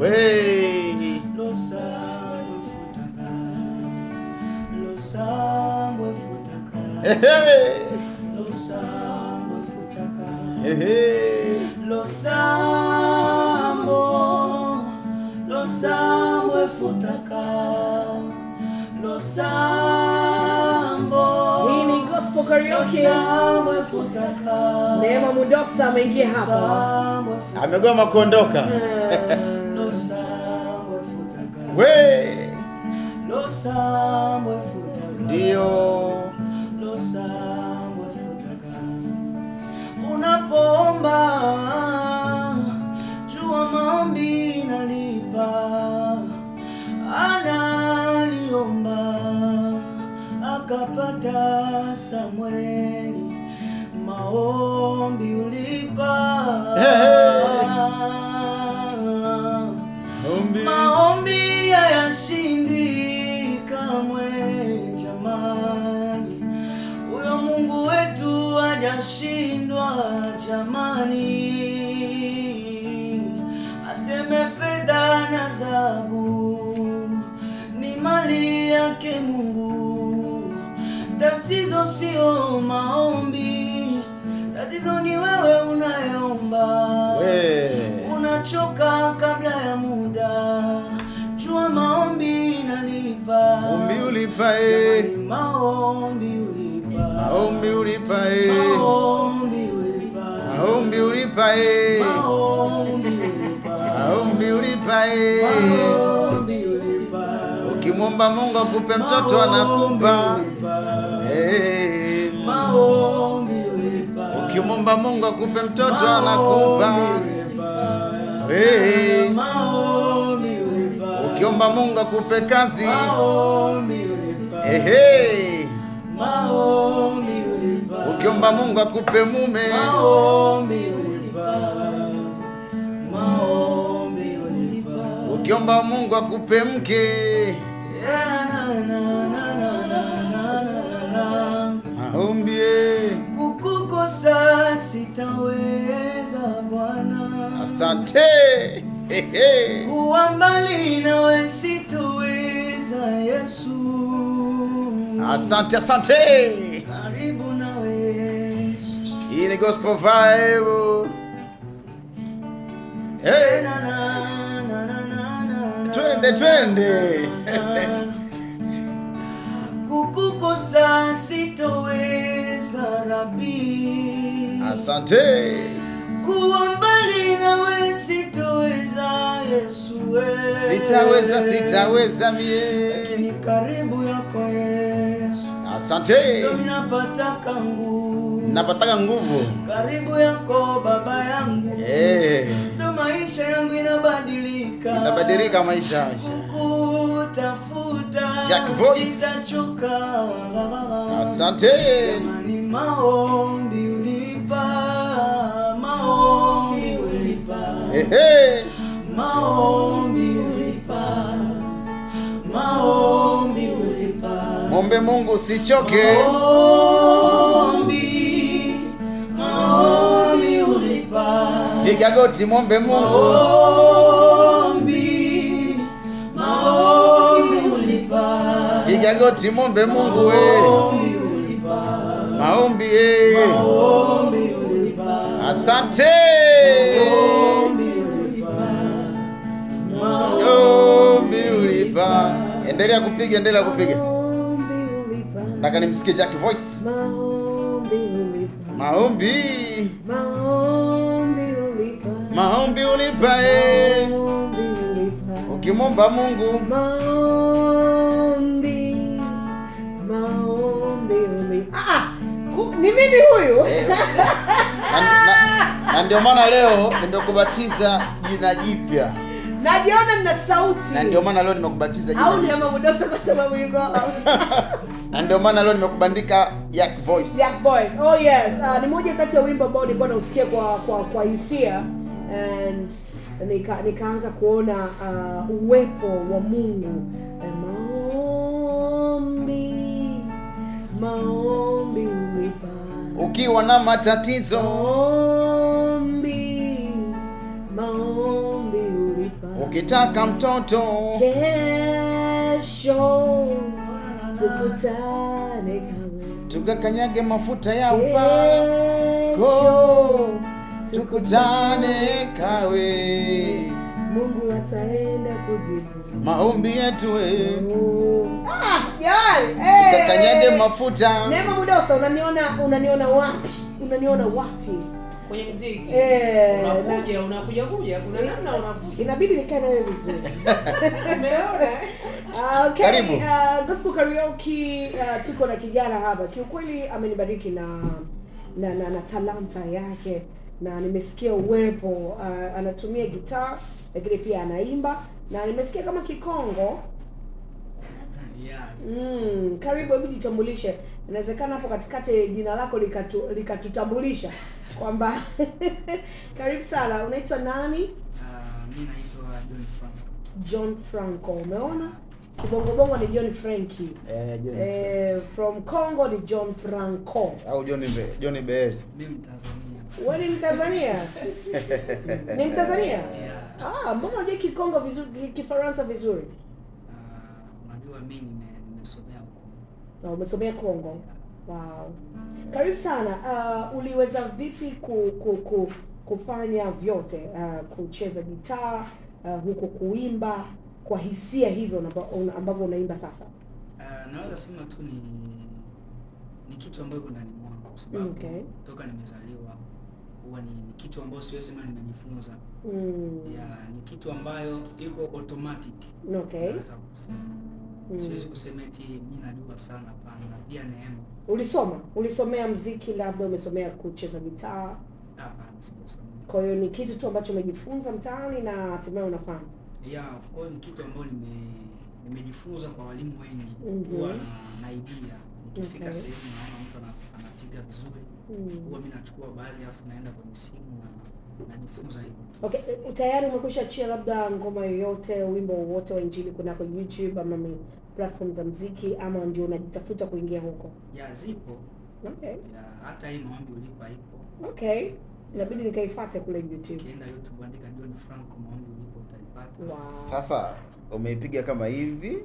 Hey. Hii ni Neema Mudosa ameingia hapa amegoma kuondoka. Eh, We ndio unapoomba jua maombi nalipa analiomba akapata Samweli maombi ulipa hey, hey. unachoka kabla ya muda, jua maombi inalipa. Maombi ulipa, eh. Maombi ulipa. Maombi ulipa, eh. Maombi ulipa. Maombi ulipa, eh. Maombi ulipa. Maombi ulipa, eh. Maombi ulipa. Ukimwomba Mungu akupe mtoto anakupa. Eh. Maombi ulipa. Ukimwomba Mungu akupe mtoto anakupa hey. Ukiomba Mungu akupe kazi hey, Ukiomba Mungu akupe mume ukiomba Mungu akupe mke maombi kukukosa sitawe Asante. Kuwa mbali nawe sitoweza Yesu. Asante, asante. Karibu nawe Yesu. Hii ni gospel vibe. Hey. Na, na, na, na, na, na, twende twende. Kukukosa sitoweza Rabi. Asante. Kuwa mbali nawe sitoweza Yesu, sitaweza, sitaweza mie, lakini karibu yako Yesu, asante, nguvu, napataka nguvu karibu yako baba yangu, eh, maisha yangu inabadilika, inabadilika maisha kukutafuta, sitachoka, asante, maombi Maombi ulipa, maombi ulipa. Mombe Mungu usichoke. Maombi, maombi ulipa. Piga goti mombe Mungu. Maombi, maombi ulipa. Piga goti mombe Mungu we. Eh. Maombi ulipa. Maombi, hey. Eh. Maombi ulipa. Asante. Endelea kupiga, endelea kupiga. Nataka nimsikie Jack voice. Maombi, maombi ulipa maombi ulipa, eh. ukimomba Mungu maombi, maombi ulipa. Ah, ni mimi huyu. Eh, eh. Na ndio maana leo nimekubatiza jina jipya. Najiona nina sauti. Na ndio maana leo nimekubatiza jina. Au ndio mabudosa kwa sababu yuko. Na ndio maana leo nimekubandika Yak Voice. Yak Voice. Oh yes. Uh, ni moja kati ya wimbo ambao nilikuwa nausikia kwa kwa kwa hisia and nika nikaanza kuona uh, uwepo wa Mungu. Eh, maombi. Maombi ukiwa na matatizo. Maombi. Maombi ukitaka mtoto kesho tukutane, kawe tukakanyage mafuta ya upako, tukutane kawe, Mungu ataenda kujibu maombi yetu oh. ah, tukakanyage mafuta. Neema Mudosa, unaniona unaniona wapi? Unaniona wapi? kwenye mziki eh, unakuja unakuja kuja kuna namna unakuja, inabidi nikae na wewe vizuri umeona. Ah, okay, uh, gospel karaoke uh, tuko na kijana hapa, kiukweli amenibariki na na, na na talanta yake na nimesikia uwepo uh, anatumia gitaa lakini pia anaimba na nimesikia kama kikongo Mm, karibu, hebu jitambulishe Inawezekana hapo katikati jina lako likatu, likatutambulisha kwamba karibu sana. Unaitwa nani? Uh, mimi naitwa John Franco. John Franco, umeona kibongobongo ni John Franki eh, John eh, from Congo ni John Franco au John Be John Bes. Mimi Mtanzania. Wewe ni Mtanzania? ni Mtanzania? Yeah. Ah, mbona unajua Kikongo vizuri, Kifaransa vizuri? Ah, uh, unajua mimi ni na ah, umesomea Kongo. Wow, karibu sana. Uh, uliweza vipi ku, ku, ku kufanya vyote uh, kucheza gitaa uh, huko kuimba kwa hisia hivyo ambavyo unaimba sasa? Uh, naweza sema tu ni ni kitu ambayo iko ndani mwangu kwa sababu okay, toka nimezaliwa huwa ni, ni kitu ambayo siwezi sema nimejifunza. Mm. Yeah, ni kitu ambayo iko automatic. Okay. Naweza kusema mm. siwezi kusema eti mimi najua sana, pana pia neema. Ulisoma, ulisomea mziki, labda umesomea kucheza gitaa? Hapana, sijasoma. Kwa hiyo ni kitu tu ambacho umejifunza mtaani na hatimaye unafanya? Yeah, of course ni kitu ambacho nime nimejifunza kwa walimu wengi mm huwa na idea nikifika okay. sehemu naona mtu anapiga vizuri mm. huwa mimi nachukua baadhi afu naenda kwenye simu na najifunza hivyo. Okay, eh, tayari umekwisha chia labda ngoma yoyote wimbo wowote wa injili kunako YouTube ama platform za mziki ama ndio unajitafuta kuingia huko? Ya zipo. Okay. Ya, hata hii maombi ulipa ipo. Okay. Inabidi nikaifuate kule YouTube. Kienda YouTube andika John Franco maombi ulipo utaipata. Wow. Sasa umeipiga kama hivi.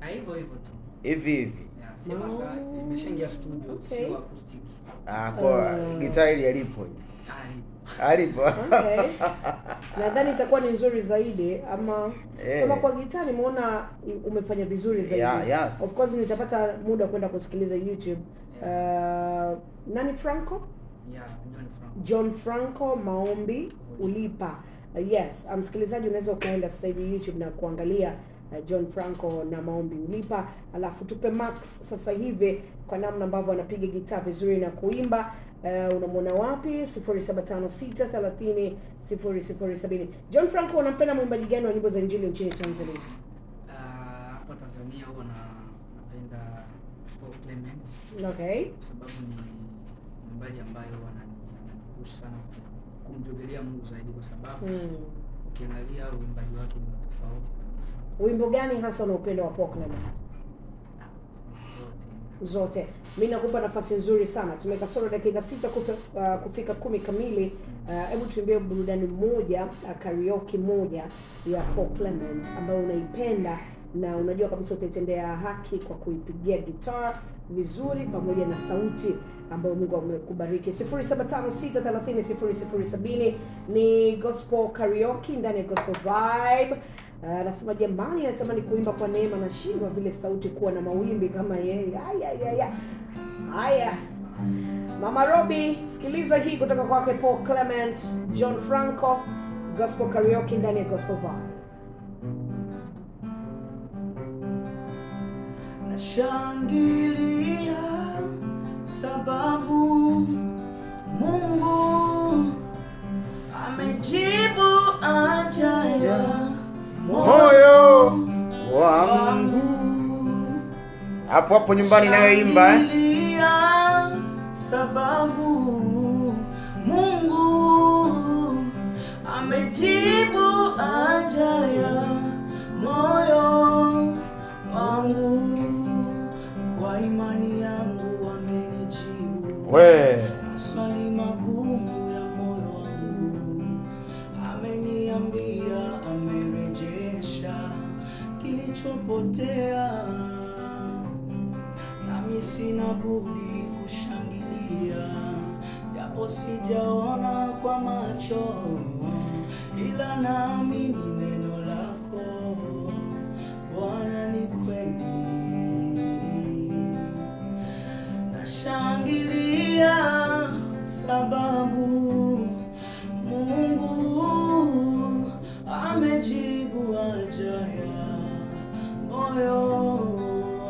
Ah, hivyo hivyo tu. Hivi hivi. Ya, sema sasa imeshaingia studio okay. Sio acoustic. Ah, kwa uh, oh. gitaa ile yalipo hiyo alipo okay. Nadhani itakuwa ni nzuri zaidi ama yeah. Sema kwa gitaa nimeona umefanya vizuri zaidi yeah, yes. Of course nitapata muda kwenda kusikiliza YouTube yeah. Uh, nani Franco? Yeah, John Franco John Franco Maombi Ulipa. Uh, yes, msikilizaji um, unaweza ukaenda sasa hivi YouTube na kuangalia Eh, John Franco na maombi ulipa, alafu tupe Max sasa hivi kwa namna ambavyo anapiga gitaa vizuri na kuimba. Uh, unamwona wapi? 0756300070. John Franco, unampenda mwimbaji gani wa nyimbo za injili nchini Tanzania? Hapa ah, uh, Tanzania huwa na napenda Paul Clement. Okay. Kwa sababu ni mwimbaji ambaye ananikush sana kumjogelea Mungu zaidi kwa sababu mm. ukiangalia uimbaji wake ni tofauti Wimbo gani hasa unaupenda wa Paul Clement? Zote. Mimi nakupa nafasi nzuri sana, tumekasoro dakika sita kufa, uh, kufika kumi kamili. Uh, hebu uh, tuimbie burudani moja uh, karaoke moja ya Paul Clement ambayo unaipenda na unajua kabisa utaitendea haki kwa kuipigia gitar vizuri pamoja na sauti ambayo Mungu amekubariki. 0756300070 ni gospel karaoke ndani ya Gospel Vibe. Ah, anasema uh, jamani, natamani kuimba kwa neema, nashindwa vile sauti kuwa na mawimbi kama yeye. Haya, haya Mama Robi, sikiliza hii kutoka kwake Paul Clement John Franco, gospel karaoke ndani ya gospel vibe. Nashangilia sababu Mungu amejibu ajabu moyo wangu. Hapo hapo nyumbani eh, sababu Mungu amejibu haja ya moyo wangu, kwa imani yangu amenijibu. wewe uliopotea, nami sina budi kushangilia, japo sijaona kwa macho, ila naamini neno lako Bwana ni kweli. Nashangilia sababu moyo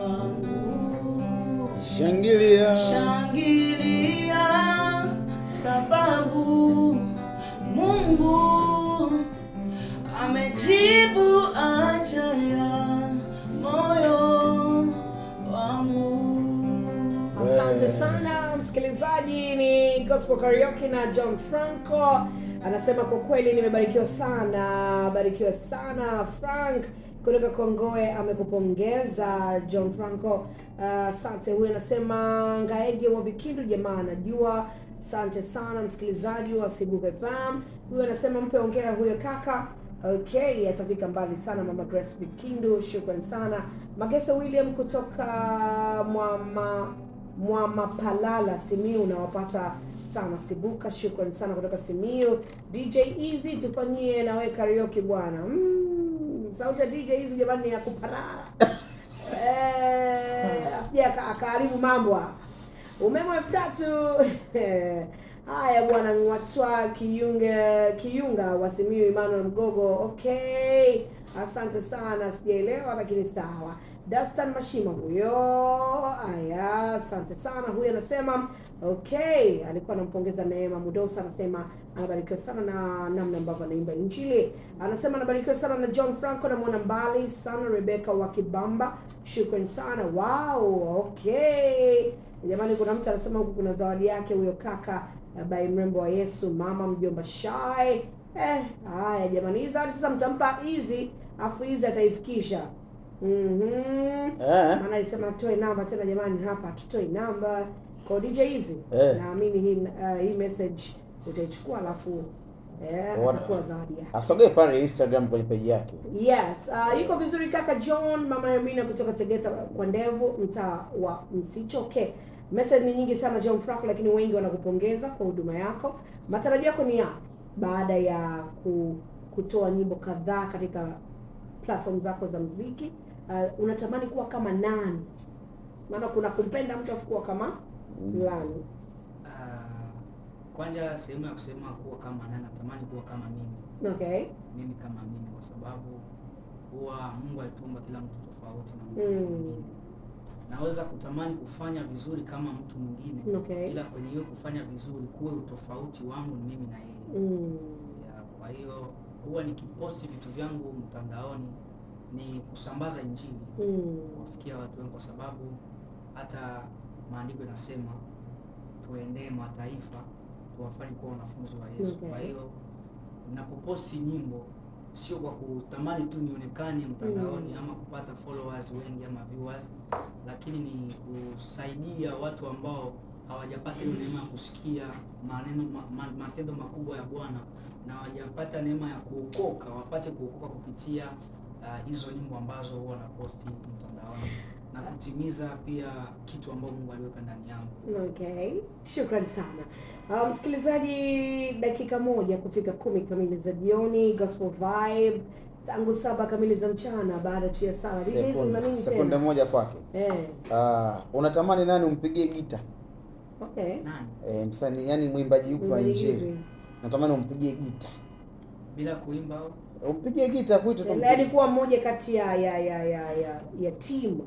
wangu, shangilia, shangilia sababu Mungu amejibu haja ya moyo wangu. Asante sana msikilizaji, ni Gospel Karaoke na John Franco anasema kwa kweli nimebarikiwa sana, barikiwa sana Frank kutoka Kongoe amekupongeza John Franco. Ah, asante uh, huyu anasema Ngaege wa Vikindu, jamaa anajua. Asante sana msikilizaji wa Sibuka FM. Huyu anasema mpe ongera huyo kaka. Okay, atafika mbali sana mama Grace Vikindu, shukrani sana. Magesa William kutoka Mwama Mwamapalala Simiu, unawapata sana Sibuka, shukrani sana kutoka Simiu. DJ Easy, tufanyie nawe karaoke bwana mm sauti ya DJ hizi jamani, ni ya kuparara eh, asije akaharibu mambo. Umeme elfu tatu haya bwana, Ngwatwa Kiyunga, Kiyunga wasimiwi Emmanuel Mgogo. Okay, asante sana, sijaelewa lakini sawa. Dastan Mashima huyo. Aya, asante sana. Huyo anasema okay, alikuwa anampongeza Neema Mudosa, anasema anabarikiwa sana na namna ambavyo anaimba Injili. Anasema anabarikiwa sana na John Franco na mwana mbali sana Rebecca wa Kibamba, shukrani sana. Wow, okay jamani, kuna mtu anasema huku kuna zawadi yake huyo kaka eh, by mrembo wa Yesu, mama mjomba Shai. Eh, haya jamani, hizi sasa mtampa hizi, afu hizi ataifikisha Mhm. Mm eh. Maana alisema toe namba tena jamani hapa tutoi namba. Kwa DJ hizi eh. Naamini hii uh, hii message utaichukua alafu eh, atakuwa zawadi yake. Asogee pale Instagram kwenye page yake. Yes, uh, ah, yuko vizuri kaka John mama Yamina kutoka Tegeta kwa ndevu mtaa wa Msichoke. Okay. Message ni nyingi sana John Franco, lakini wengi wanakupongeza kwa huduma yako. Matarajio yako ni ya baada ya kutoa nyimbo kadhaa katika platform zako za muziki uh, unatamani kuwa kama nani? Maana kuna kumpenda mtu afu kuwa kama mm. fulani. Ah, Kwanza sehemu ya kusema kuwa kama nani, natamani kuwa kama mimi. Okay, mimi kama mimi, kwa sababu huwa Mungu alitumba kila mtu tofauti na mm. mwingine mm. Naweza kutamani kufanya vizuri kama mtu mwingine okay, ila kwenye hiyo kufanya vizuri kuwe utofauti wangu mimi na yeye mm. Kwa hiyo huwa nikiposti vitu vyangu mtandaoni ni kusambaza Injili mm. kuwafikia watu wengi, kwa sababu hata maandiko yanasema tuendee mataifa tuwafanye kuwa wanafunzi wa Yesu. Kwa hiyo napoposti nyimbo sio kwa kutamani tu nionekane mtandaoni mm. ama kupata followers wengi ama viewers, lakini ni kusaidia watu ambao hawajapata hiyo neema ya kusikia maneno ma, ma, matendo makubwa ya Bwana na hawajapata neema ya kuokoka, wapate kuokoka kupitia Uh, hizo uh, nyimbo ambazo huwa naposti mtandaoni na kutimiza pia kitu ambacho Mungu aliweka ndani yangu. Okay. Shukrani sana. Uh, msikilizaji, um, dakika moja kufika kumi kamili za jioni, Gospel Vibe tangu saba kamili za mchana baada tu ya sala. Sekunde moja kwake. Eh. Ah, unatamani nani umpigie gita? Okay. Nani? Eh, msanii yani mwimbaji yupo nje. Natamani umpigie gita. Bila kuimba au Umpigie gita kuita yaani tu. Alikuwa mmoja kati ya ya ya ya ya, ya team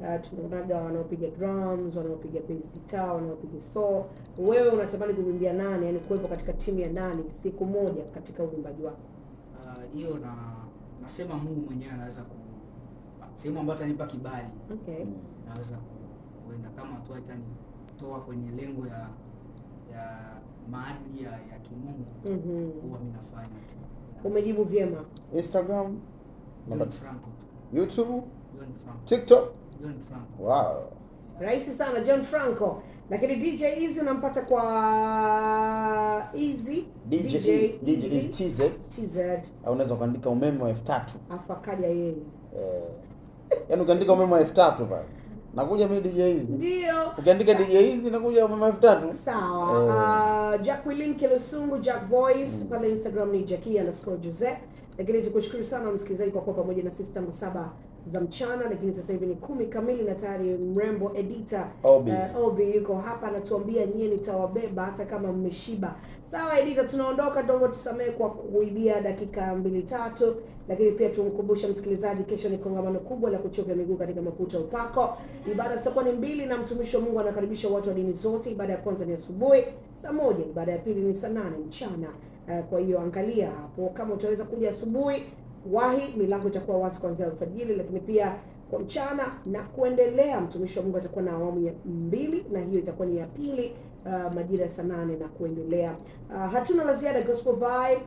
uh, tunaonaga wanaopiga drums, wanaopiga bass guitar, wanaopiga so Wewe unatamani kuimbia nani? Yaani kuwepo katika timu ya nani siku moja katika uimbaji wako? Ah, hiyo uh, na nasema Mungu mwenyewe anaweza ku sehemu ambayo atanipa kibali. Okay. Mm. Naweza kuenda kama tu toa kwenye lengo ya ya maadili ya, ya kimungu. Mhm. Mm huwa mimi nafanya Umejibu vyema. Instagram, John Franco. YouTube, John Franco. TikTok, John Franco. Wow. Rahisi sana John Franco. Lakini DJ Easy unampata kwa Easy DJ DJ Easy e, TZ TZ. Au unaweza kuandika umeme wa 3000. Afu akaja yeye. Eh. Yaani ukaandika umeme wa 3000 pale nakuja mimi DJ hizi ndio, ukiandika DJ hizi nakuja mama elfu tatu sawa. Eh. Uh, ah, Jacqueline Kilusungu Jack Voice mm. pale Instagram ni Jackie underscore Jose, lakini tukushukuru sana msikilizaji kwa kuwa pamoja na sisi tangu saba za mchana, lakini sasa hivi ni kumi kamili na tayari mrembo Edita Obi, uh, Obi yuko hapa anatuambia nyie, nitawabeba hata kama mmeshiba. Sawa Edita, tunaondoka dongo, tusamehe kwa kuibia dakika mbili tatu, lakini pia tumkumbusha msikilizaji, kesho ni kongamano kubwa la kuchovya miguu katika mafuta upako. Ibada zitakuwa ni mbili, na mtumishi wa Mungu anakaribisha watu wa dini zote. Ibada ya kwanza ni asubuhi saa moja, ibada ya pili ni saa nane mchana. Uh, kwa hiyo angalia hapo kama utaweza kuja asubuhi wahi, milango itakuwa wazi kuanzia alfajiri, lakini pia kwa mchana na kuendelea. Mtumishi wa Mungu atakuwa na awamu ya mbili, na hiyo itakuwa ni ya pili uh, majira ya saa nane na kuendelea. Uh, hatuna la ziada. Gospel Vibe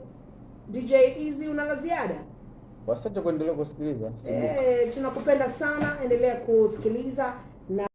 DJ Easy, una la ziada? Wasante kuendelea kusikiliza. Eh, tunakupenda sana, endelea kusikiliza na